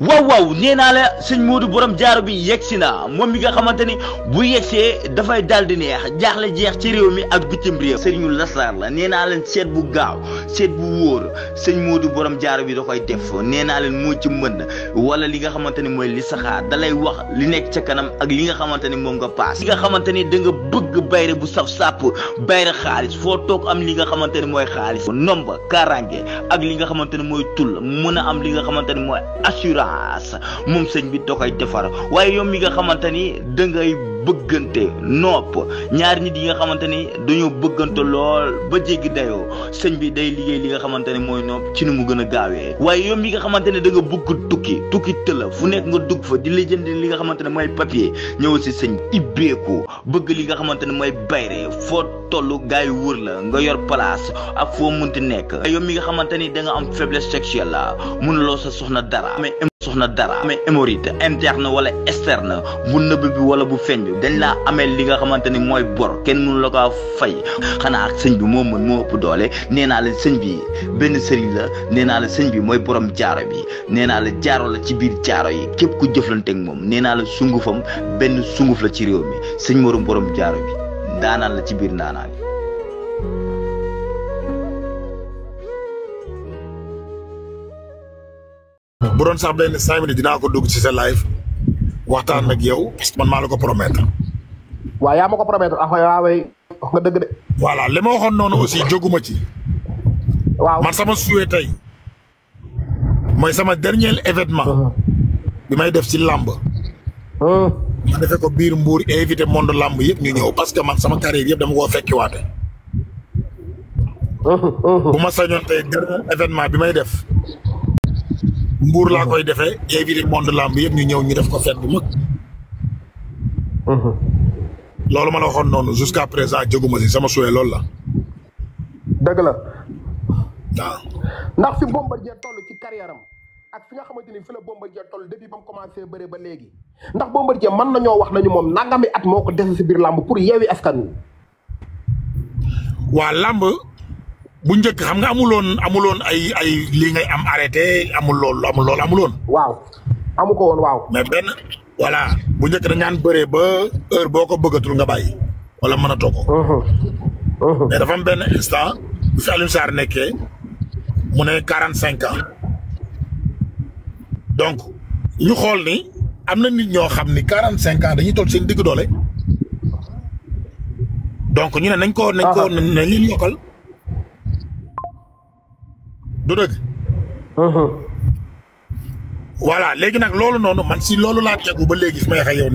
waaw waaw nee naa la sëñ Modou borom jaaro bi yegg si na moom li nga xamante ni bu yegsee dafay daal di neex jaaxle jeex ci réew mi ak bitim réew sëriñu lasaar la nee naa leen seet bu gaaw seet bu wóor sëñ Modou borom jaaro bi da koy def nee naa leen moo ci mën wala li nga xamante ni mooy li saxaar da lay wax li nekk ca kanam ak li nga xamante ni moom nga paas li nga xamante ni da nga bëgg bayre bu saf sàpp bayre xaalis foo toog am li nga xamante ni mooy xaalis nomba karange ak li nga xamante ni mooy tul mën a am li nga xamante ni mooy assurance baas moom sëñ bi da koy defar waaye yow mi nga xamante ni dangay bëggante nopp ñaari nit yi nga xamante ni dañoo bëggante lool ba jéggi dayoo sëñ bi day liggéey li nga xamante ni mooy nopp ci nu mu gën a gaawee waaye yow mi nga xamante ne da nga bëgg tukki tukki tëla fu nekk nga dugg fa di la jënd li nga xamante ne mooy papier ñëw si sëñ ibbeeku bëgg li nga xamante ne mooy bayre foo tollu gars yi wër la nga yor place ak foo ti nekk yow mi nga xamante ni da nga am faiblesse sexuelle la mënuloo sa soxna dara mais soxna dara mais hémorroïde interne wala externe bu nëbb bi wala bu feeñ dañ laa ameel li nga xamante ni mooy bor kenn mënu la ko fay xanaa sëñ bi moom mën moo ëpp doole nee naa la sëñ bi benn sëriñ la nee naa la sëñ bi mooy borom jaaro bi nee naa la jaaro la ci biir jaaro yi képp ku jëflante ak moom nee naa la sungufam benn sunguf la ci réew mi sëñ morom borom jaaro bi ndaanaan la ci biir ndaanaan yi bu doon sax ko dugg ci sa waxtaan ak yow parce que man maa la ko promettre. wa yaa ma ko promettre ah wa waay wax nga dëgg de. voilà li ma waxoon noonu aussi jóguma ci. waaw man sama souhait tey mooy sama dernier événement. Uh-huh. bi may def ci lamb uh-huh. ma defee ko biir mbuur invité monde lamb yëpp ñu ñëw parce que man sama carrière yëpp dama koo fekkiwaate. Uh-huh, bu ma sañoon tey dernier événement bi may def. mbuur laa koy defee invité monde lamb yëpp ñu ñëw ñu def ko fête bu mag. Mhm. loolu ma la waxoon noonu jusqu'à présent jóguma si sama suwee loolu la. dëgg la. waaw. ndax fi Bombardier toll ci carrière am ak fi nga xamante ni fi la Bombardier toll depuis ba mu commencé bëre ba léegi ndax Bombardier mën ñoo wax nañu moom bi at moo ko dese si biir làmb pour yeewi askan wi. waa làmb bu njëkk xam nga amuloon amuloon ay ay lii ngay am arrêté amul lool amul amuloon. waaw amu ko woon waaw. mais benn voilà bu njëkk da ñaan bëree ba heure boo ko bëggatul nga bàyyi wala mën a toog ko. mais dafa am benn instant bu fi Alioune ne quarante cinq donc ñu xool ni am na nit ñoo xam ni quarante cinq ans dañuy toll seen digg doole donc ñu ne nañ ko nañ ko nañ leen yokkal. du dëgg. Uh-huh. léegi nag loolu noonu man si loolu laa tegu ba léegi fi may wax ak yow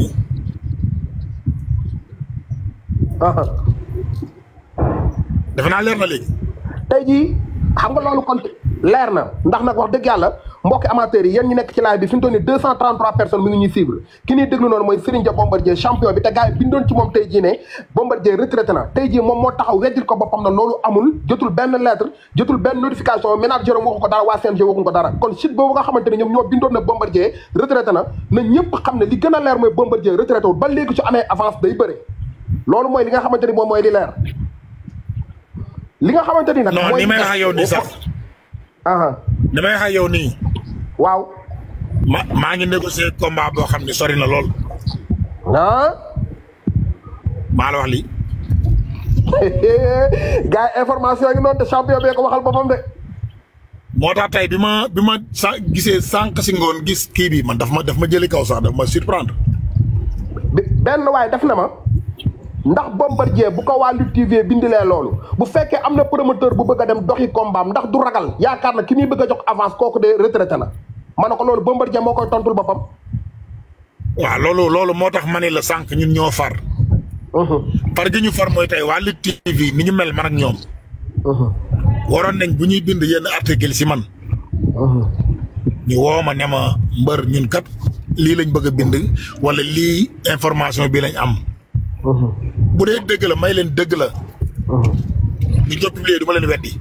uh-huh. naa leer na léegi. tey ji xam nga loolu kon leer na ndax nag wax dëgg yàlla mbokki amateurs yi yéen ñu nekk ci live bi fi mu toll nii 233 personnes mi ngi ñuy suivre ki ñuy déglu noonu mooy Serigne Dia Bombardier champion bi te gars bindoon ci moom tey jii ne Bombardier retraité na tey jii moom moo taxaw weddil ko boppam na loolu amul jotul benn lettre jotul benn notification manager waxu ko dara waa CNG waxu ko dara kon site boobu nga xamante ne ñoom ñoo bindoon na Bombardier retraité na na ñëpp ne li gën a leer mooy Bombardier retraité wu ba léegi su amee avance day li nga xamante ni moom mooy li leer li nga xamante ni nag mooy damay xay yow nii. waaw. ma maa ngi négocier combat boo xam ne sori na lool. ah. maa la wax lii. gars yi information yi noonu te champion bee ko waxal boppam de. moo tax tey bi ma bi ma sa gisee sànq si ngoon gis kii bi man daf ma daf ma jëli kaw sax daf ma surprendre. benn waay def na ma ndax Bombardier bu ko waa TV bindilee loolu bu féké amna promoteur bu bëgg dem doxi combat ndax du ragal yaakar na ki bëgg jox avance koku de retraité na ma ne ko loolu Bombardier moo koy tontul bopam wa lolou lolou motax mané la ñun ño far. far gi far moy tay TV ni ñu mel man ak ñoom. waron nañ bu ñuy bind yeen article ci man. ñu woma néma mbeur ñun kat li lañ bëgg bind wala li information bi lañ am. Uh-huh. bu dee dëgg la may leen dëgg la. ñu uh-huh. ko publier du ma leen weddi.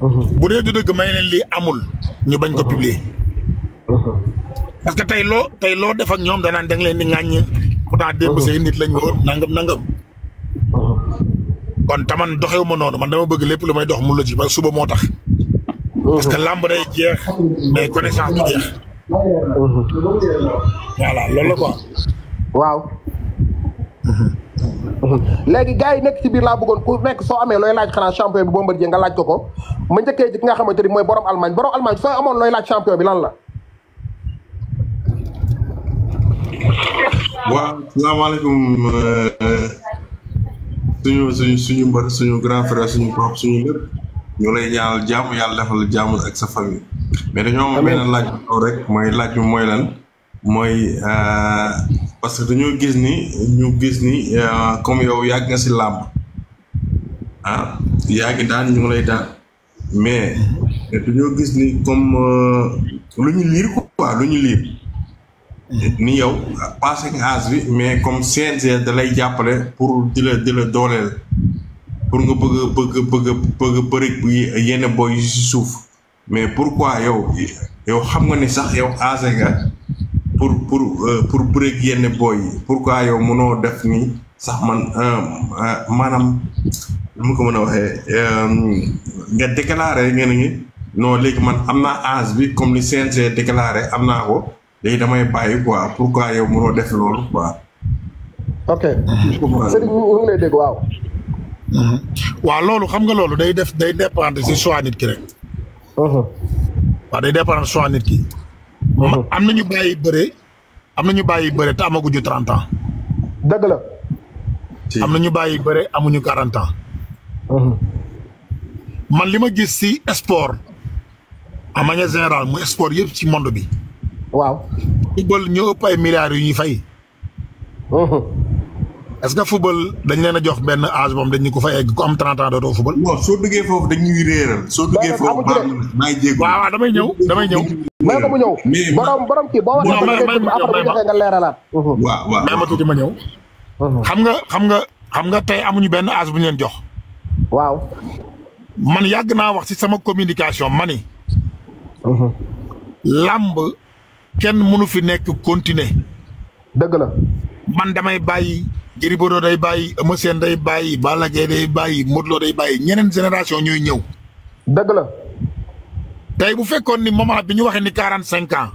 Uh-huh. bu dee du dëgg may leen lii amul ñu bañ ko publier. parce que tey loo tey loo def ak ñoom danaan da nga leen di ŋàññi pourtant démb say nit lañ woon nangam nangam. kon taman doxewu ma noonu man dama bëgg lépp lu may dox mu logique suba moo tax. parce que day jeex mais connaissance du jeex. voilà loolu la quoi. waaw. léegi gars yi nekk ci biir laa bëggoon ku nekk soo amee looy laaj xanaa champion bi Bombardier nga laaj ko ko ma njëkkee ci ki nga xamante mooy borom Allemagne borom Allemagne soo amoon looy laaj champion bi lan la. waaw salaamaaleykum euh, suñu suñu suñu mbër suñu grand frère suñu papa suñu lépp ñu lay ñaanal jàmm yàlla defal jàmm ak sa famille. mais dañoo am benn laaj rek mooy laaj bi mooy lan mooy. Euh, parce que dañoo gis ni ñu gis ni euh, comme yow yàgg nga si làmb ah yaa ngi daan ñu ngi lay daan mais dañoo gis ni comme euh, lu ñu liir quoi lu ñu liir ni yow passé âge bi mais comme CNG da lay jàppale pour di la di la dooleel pour nga bëgg a bëgg bëgg bëgg bëri yenn boy si suuf mais pourquoi yow yow xam nga ni sax yow âgé nga pour pour euh, pour bëreeg yenn booy yi pourquoi yow mënoo def nii sax man euh, euh, maanaam lu ma ko mën a waxee nga déclaré ngeen ngi no léegi man am naa âge bi comme ni CNG déclaré am naa ko léegi damay bàyyi pour pourquoi yow mënoo def loolu quoi. ok. Serigne mu ngi lay mhm. waaw. loolu xam nga loolu day def day dépendre si soit nit ki rek. Uh-huh. waaw day dépendre choix nit ki. am na tenho bàyyi bëre am na ñu bàyyi bëre te amaguñu trente ans. dëgg la. am na ñu bàyyi bëre amuñu quarante ans. Mhm. man li ma milliards est-ce que football dañ leen a jox benn âge moom dañ ko fa egg ku am 30 ans dootoo football. non soo duggee foofu dañ ñuy réeral. soo waaw damay ñëw damay ñëw. mais ma ñëw borom borom kii boo waxee. may ma après bu leeralaat. waaw waaw mhm. mais ma tuuti ma ñëw. Mhm. xam nga xam nga xam nga tey amuñu benn âge bu ñu leen jox. waaw. man yàgg naa wax si sama communication ma ni. Mhm. kenn mënu fi nekk continuer. dëgg la. man damay bàyyi Gris day bàyyi Eumeu Sène day bàyyi Balla Gaye day bàyyi Modou day bàyyi ñeneen génération ñuy ñëw. dëgg la. tey bu fekkoon ni moment bi ñu waxee ni quarante cinq ans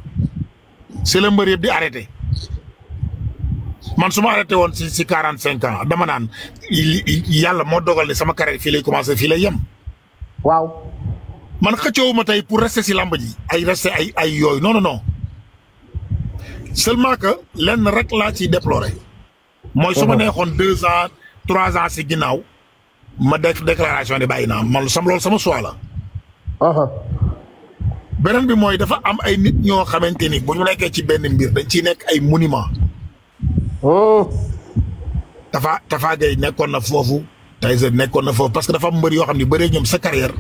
c'est le mbër yëpp di arrêté man su ma arrêté woon si si quarante cinq ans dama naan yàlla moo dogal ne sama carrière fii lay commencé fii lay yem. waaw. man xëccoowu ma tey pour rester si làmb ji ay rester ay ay yooyu noonu non seulement que lenn rek laa ciy déploré. mooy su ma neexoon deux ans trois ans si ginnaaw ma def déclaration de bàyyi naa man sam lool sama choix la. beneen bi mooy dafa am ay nit ñoo xamante ni bu ñu nekkee ci benn mbir dañ ciy nekk ay monument. Tafa Tafa Gueye nekkoon na foofu. Tyson nekkoon na foofu parce que dafa am mbër yoo xam ne bëree ñoom sa carrière.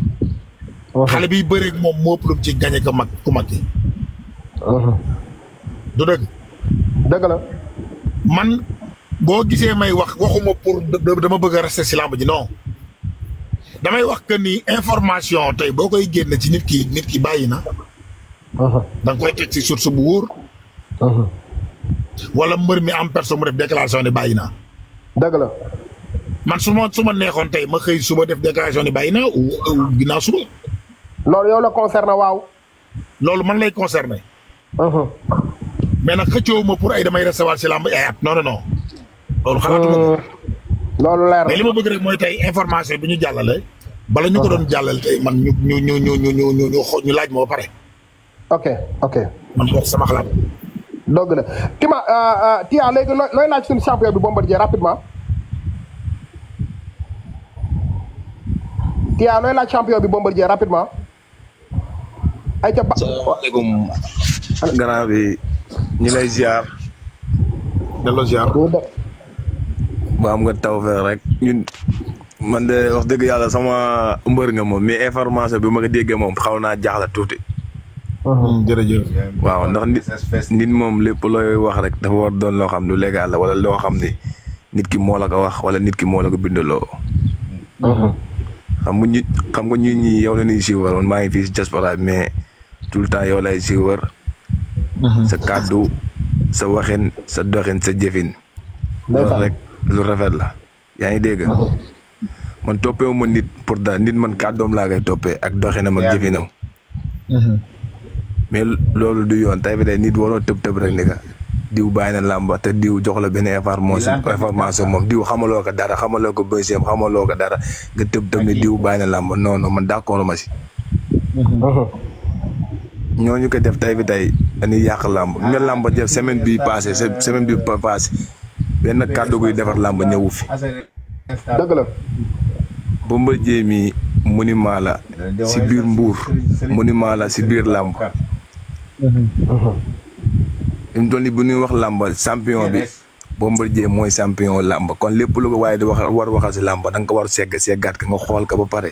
xale biy bëree moom moo ëpp ci gañe ko mag ku du dëgg. dëgg la. man boo gisee may wax waxuma pour dama bëgg a rester si làmb ji non damay wax que ni information tey boo koy génne ci nit ki nit ki bàyyi na. Uh-huh. danga koy teg si source bu wóor. Uh-huh. wala mbër mi am personne mu def déclaration ne bàyyi naa. dëgg la. man su ma su ma neexoon tey ma xëy suba def déclaration ne bàyyi naa ginnaaw suba. loolu yow la concerné waaw. loolu man lay concerné. Uh-huh. mais nak xëccoo ma pour ay damay recevoir ci lamb ay at non non non lolu xalaatu hmm. ma lolu leer mais lima bëgg rek moy tay information bi ñu jàllale bala ñu ko doon hmm. jàllal tay man ñu ñu ñu ñu ñu ñu ñu ñu laaj mo paré ok ok man ko sama xalaat dëgg la kima euh, euh, tia léegi looy laaj sun champion bi bombardier rapidement tia looy laaj champion bi bombardier rapidement ay ca ba salaamaaleykum grand ñi lay ziar delo ziar ba am nga tawfex rek ñun man de wax deug yalla sama mbeur nga mom mais information bi ma ko déggé mom xawna jaxla touti hmm, jërëjëf waaw ndax nit nit mom lepp loy wax rek dafa war doon lo xam lu légal la wala lo xam ni nit ki mo la ko wax wala nit ki mo la ko bindaloo hmm. xam nga ñi xam nga ñi yow la ni ci war man ma ngi fi si diaspora mais tout temps yow lay ci war sa kàddu sa waxin sa doxin sa jëfin loolu rek lu rafet la yaa ngi dégg man toppewu ma nit pour da nit man kàddoom laa koy toppee ak doxinam ak jëfinam mais loolu du yoon tey bi day nit waroo tëb tëb rek ni ka diw baay na làmba te diw jox la benn information information moom diw xamaloo ko dara xamaloo ko bëseem xamaloo ko dara nga tëb tëb ni diw bàyyi na làmb noonu man d'accord ma si ñooñu ko def tay bi tay dañuy yàq làmb ñu ne làmb jëf semaine bi passé semaine bi passé benn kàddu guy defar làmb ñëwu fi. dëgg la. Bombardier mi la si biir mbuur monument la si biir làmb. fi toll nii bu nuy wax làmb champion bi Bombardier mooy champion làmb kon lépp lu ko waaye di wax war waxal si làmb da ko war segg seggaat ka nga xool ko ba pare.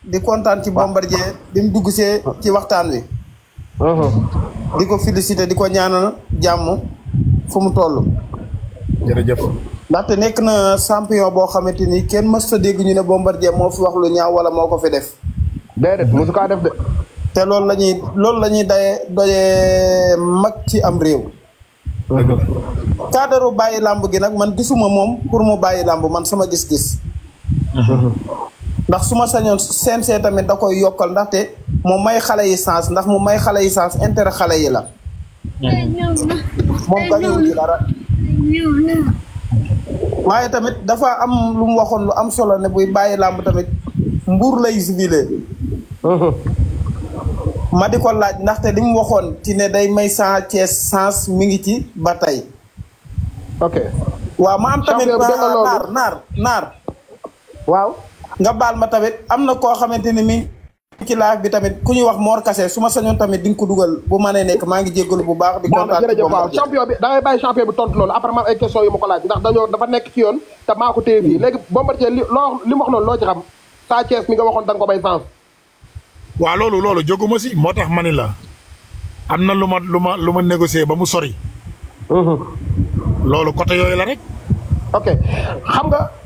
di kontaan ci Bombardier bim mu ci waxtan wi. di ko féliciter di ko ñaanal jamm fu mu jep. jërëjëf. ndaxte nek na champion bo xamanteni ni kenn mës sa dégg ñu né Bombardier mo fi wax lu ñaaw wala moko fi def. dédé mosu kaa def dé té lool lañuy lool lañuy dayé doyé mak ci am réew. kaadaru baye lamb gi nak man gisuma mom pour mu baye lamb man sama gis-gis. ndax su ma sañoon CNC tamit da koy yokkal ndaxte mu may xale yi sens ndax mu may xale yi sens intérêt xale yi la. moom gañuwul ci tamit dafa am lu mu waxoon lu am solo ne buy bàyyi làmb tamit mbuur lay civilé. ma di ko laaj ndaxte li waxoon ci ne day may sans Thiès sens mi ngi ci ba tey. ok waaw ma am tamit naar naar naar. waaw. nga bal ma tamit amna ko xamanteni mi ci laaf bi tamit ku ñuy wax Mor cassé suma ma tamit ding ko dugal bu mané nek ma ngi jéggalu bu baax. di kontaan jërëjëf champion bi da ngay bay champion bi tontu lool après ma ay question yu mako laaj ndax dañu dafa nek ci yoon te mako téw bi hmm. légui Bombardier lo li mu wax noonu ci xam Sa Thiès mi nga waxon dang ko bay sans wa loolu joguma ci motax la négocier ba mu sori. Hmm. côté yoy la rek. ok xam nga.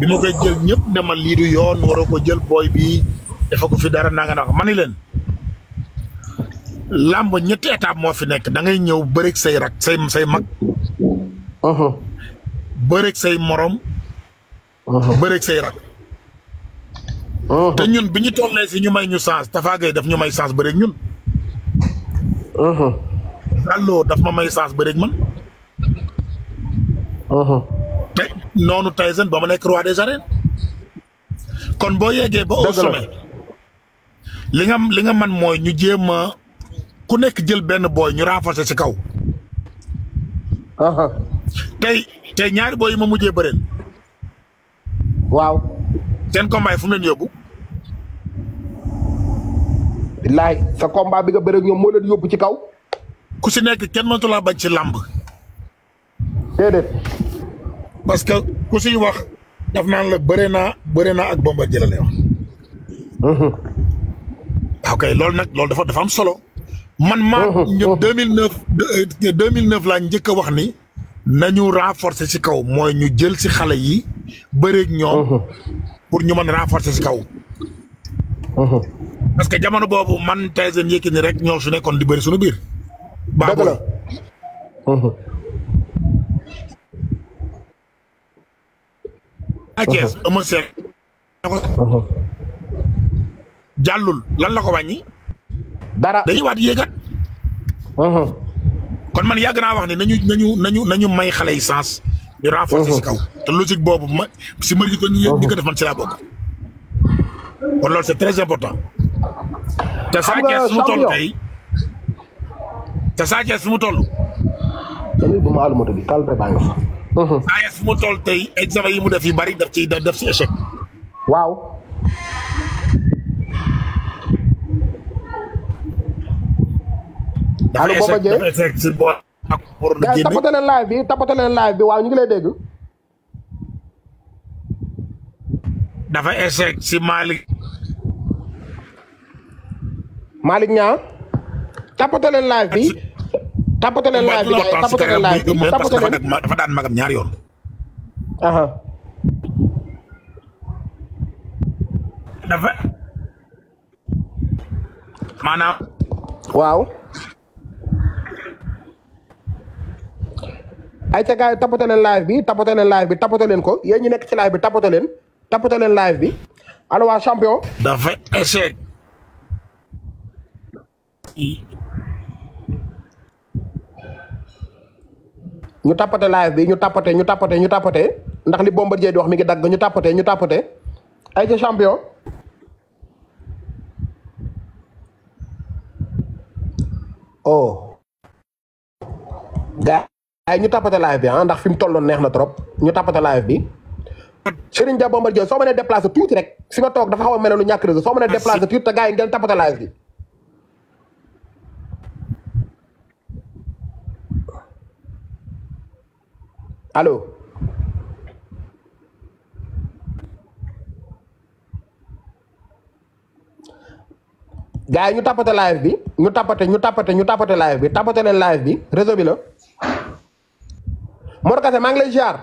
bi ma koy jël ñëpp ne lii du yoon waroo ko jël booy bi dafa ko fi dara nanga na ma ni leen làmb ñetti étape moo fi nekk da ngay ñëw bëreeg say rak say say mag. Uh-huh. bëreeg say morom. Uh-huh. bëreeg say rak. Uh-huh. te ñun bi ñu tollee si ñu may ñu chance Tafa Gueye daf ñu may chance bëreeg ñun. Gallo daf ma may chance bëreeg man. te noonu Tyson ba mu nekk roi de arènes kon boo yeggee ba au li nga li nga man mooy ñu jéem a ku nekk jël benn booy ñu renforcer ci kaw. Uh-huh. tey tey ñaari booy yi ma mujjee bëreel. waaw. seen combat yi fu mu leen yóbbu. billaay sa combat bi nga bëreeg ñoom moo leen yóbbu ci kaw. ku si nekk kenn mënatu laa bañ ci làmb. déedéet. parce que ku siy wax daf naan la bëre naa bëre naa ak Bombardier la lay wax. Mhm. Ah, ok loolu nag loolu dafa dafa am solo. man maa ñëw 2009 2009 laa njëkk a wax ni. nañu renforcer ci kaw mooy ñu jël ci xale yi bëreeg ñoom. Mhm. pour ñu mën renforcer ci kaw. Mhm. parce que jamono boobu man Tyson Yékini rek ñoom su nekkoon di bëri suñu biir. baax la Sa Thiès Eumeu Sène jàllul lan la ko wàññi. dara dañuy waat yéegat. kon man wax ne nañu nañu nañu nañu may xale yi sens. ñu te logique boobu si ma ko ñu ko def man laa bokk. kon loolu c'est très su mu toll tey te Sa Mhm. AS fu mu toll tey examen yi mu def yu bari daf ciy def si échec. waaw. allo Baba Dieng dafa échec si boo. ak pour génne tapate leen bi tapate leen bi waaw ñu ngi lay degg dafa échec si Malick. Malick Niang tapate leen bi. tapote leen laaj bi tapote yi tapote leen live bi tapote leen live bi tapote leen ko yéen ñu nekk ci live bi tapote leen tapote leen live bi allo champion. dafa échec. ñu tappate live bi ñu tappate ñu tappate ñu tappate ndax li Bombardier di wax mi ngi dagg ñu tappate ñu tappate ay ca champion oh gaa ay ñu tappate live bi ah ndax fi mu tolloon neex na trop ñu tappate live bi Serigne Dia Bombardier soo mënee déplacé tuuti rek si nga toog dafa xaw a mel ne ñàkk réseau soo mënee déplacé tuuti te gaa yi ngeen tappate live bi Halo. Gaay ñu tapate live bi ñu tapate ñu tapate ñu tapate live bi tapate len live bi réseau bi la Mor Kase maa ngi lay ziar.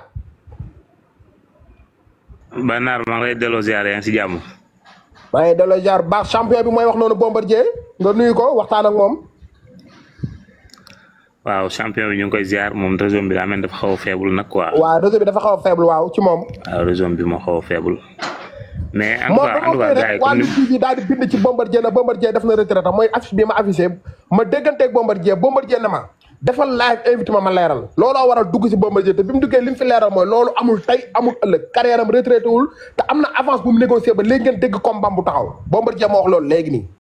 Banar ma ngi délo ziar yaa si jàmm. maa ziar champion bi moy wax nonu Bombardier nga nuyu ko waxtaan ak mom. waaw champion bi ñu koy ziar moom réseau bi daa mel dafa xaw a faible nag quoi. waaw réseau bi dafa xaw a faible waaw ci a ci Bombardier na Bombardier def na retraite mooy affiche bi ma affiché ma dégganteeg Bombardier Bombardier na ma. defal live invité ma ma leeral looloo waral dugg si Bombardier te bi mu duggee li mu fi leeral mooy loolu amul tey amul ëllëg carrière am retraité te am na avance bu mu négocié ba léegi ngeen dégg combat bu taxaw Bombardier ma wax loolu léegi nii.